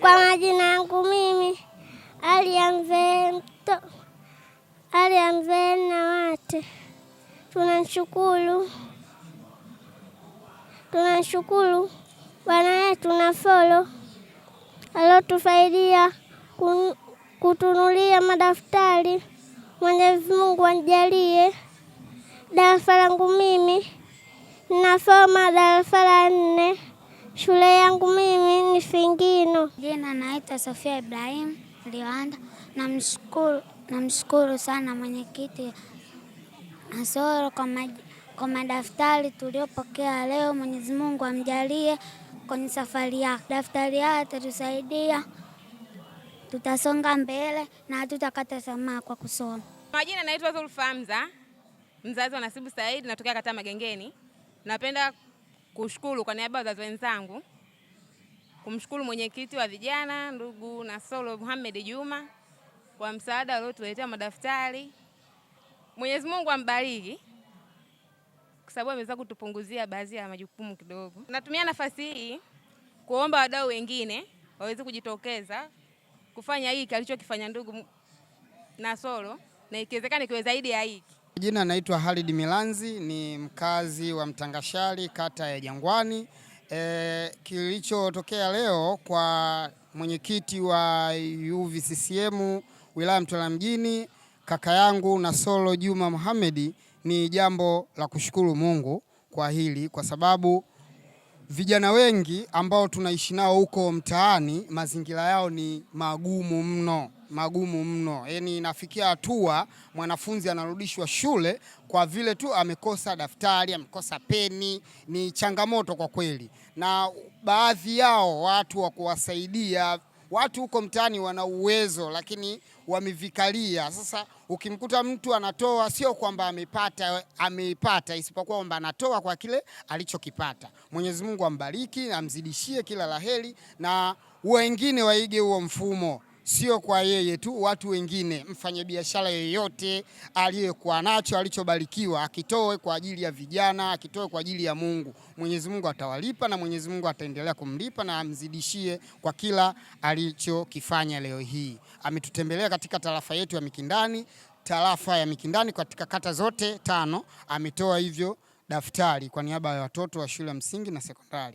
Kwa majina yangu mimi Aliya wate, tunashukuru tunashukuru Bwana yetu Nafolo alotufaidia kutunulia madaftari. Mwenyezi Mungu amjalie. Darasa langu mimi nasoma darasa la nne shule yangu mimi ni Fingino. Jina naitwa Sofia Ibrahim Liwanda. Namshukuru namshukuru sana mwenyekiti Asoro kwa, maj, kwa madaftari tuliopokea leo. Mwenyezi Mungu amjalie kwenye safari yake. Daftari haya atatusaidia, tutasonga mbele na hatutakata tamaa kwa kusoma. Majina naitwa Zulfamza, mzazi wa Nasibu Said, natokea kata Magengeni. Napenda kushukuru kwa niaba ya wazazi wenzangu, kumshukuru mwenyekiti wa vijana ndugu nasolo Muhamed Juma kwa msaada aliotuletea madaftari. Mwenyezi Mungu ambariki kwa sababu ameweza kutupunguzia baadhi ya majukumu kidogo. Natumia nafasi hii kuomba wadau wengine waweze kujitokeza kufanya hiki alichokifanya ndugu Nasoro na ikiwezekana kiwe zaidi ya hiki. Jina naitwa Halid Milanzi, ni mkazi wa Mtangashari, kata ya Jangwani. E, kilichotokea leo kwa mwenyekiti wa UVCCM wilaya Mtwara mjini kaka yangu Nasolo Juma Mohamed, ni jambo la kushukuru Mungu kwa hili kwa sababu vijana wengi ambao tunaishi nao huko mtaani, mazingira yao ni magumu mno, magumu mno. Yaani inafikia hatua mwanafunzi anarudishwa shule kwa vile tu amekosa daftari, amekosa peni. Ni changamoto kwa kweli, na baadhi yao watu wa kuwasaidia watu huko mtaani wana uwezo, lakini wamevikalia. Sasa ukimkuta mtu anatoa, sio kwamba amepata ameipata, isipokuwa kwamba anatoa kwa kile alichokipata. Mwenyezi Mungu ambariki, amzidishie kila laheri, na wengine waige huo mfumo sio kwa yeye tu, watu wengine, mfanyabiashara yeyote aliyekuwa nacho alichobarikiwa, akitoe kwa ajili ya vijana, akitoe kwa ajili ya Mungu, Mwenyezi Mungu atawalipa na Mwenyezi Mungu ataendelea kumlipa na amzidishie kwa kila alichokifanya. Leo hii ametutembelea katika tarafa yetu ya Mikindani, tarafa ya Mikindani katika kata zote tano, ametoa hivyo daftari kwa niaba ya watoto wa shule ya msingi na sekondari.